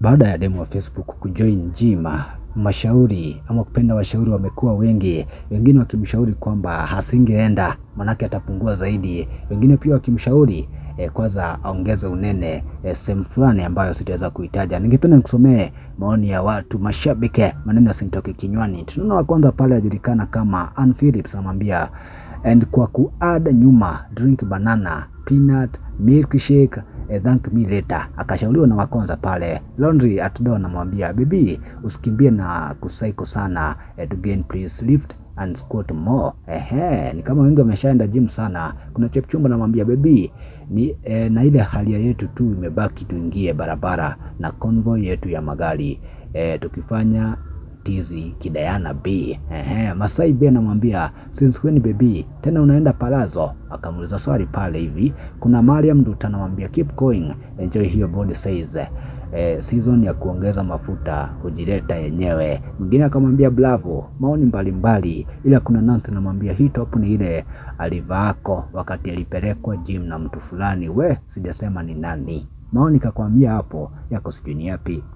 Baada ya demu wa Facebook kujoin Jima, mashauri ama kupenda washauri wamekuwa wengi, wengine wakimshauri kwamba hasingeenda manake atapungua zaidi, wengine pia wakimshauri E, kwanza aongeze unene e, sehemu fulani ambayo sitaweza kuitaja. Ningependa nikusomee maoni ya watu mashabiki, maneno yasinitoke kinywani. Tunaona wa kwanza pale ajulikana kama Ann Phillips anamwambia and kwa kuada nyuma drink banana peanut milkshake e, thank me later. Akashauriwa na Wakonza pale laundry at door, namwambia bibi, usikimbie na kusaiko sana e, to gain please lift and squat more. Ehe, ni kama wengi wameshaenda gym sana. Kuna Chepchumba namwambia bibi ni e, na ile halia yetu tu imebaki, tuingie barabara na convoy yetu ya magari e, tukifanya chipukizi kidayana B. Ehe, Masai B anamwambia since when baby tena unaenda palazo? Akamuuliza swali pale hivi, kuna Mariam Duta anamwambia keep going enjoy hiyo body size. E, eh, season ya kuongeza mafuta hujileta yenyewe. Mwingine akamwambia bravo, maoni mbalimbali, ila kuna Nancy anamwambia hii top ni ile alivaako wakati alipelekwa gym na mtu fulani, we sijasema ni nani. Maoni kakwambia hapo yako sijui ni yapi.